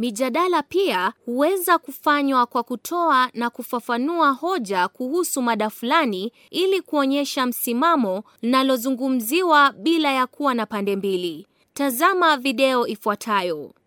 Mijadala pia huweza kufanywa kwa kutoa na kufafanua hoja kuhusu mada fulani ili kuonyesha msimamo linalozungumziwa bila ya kuwa na pande mbili. Tazama video ifuatayo.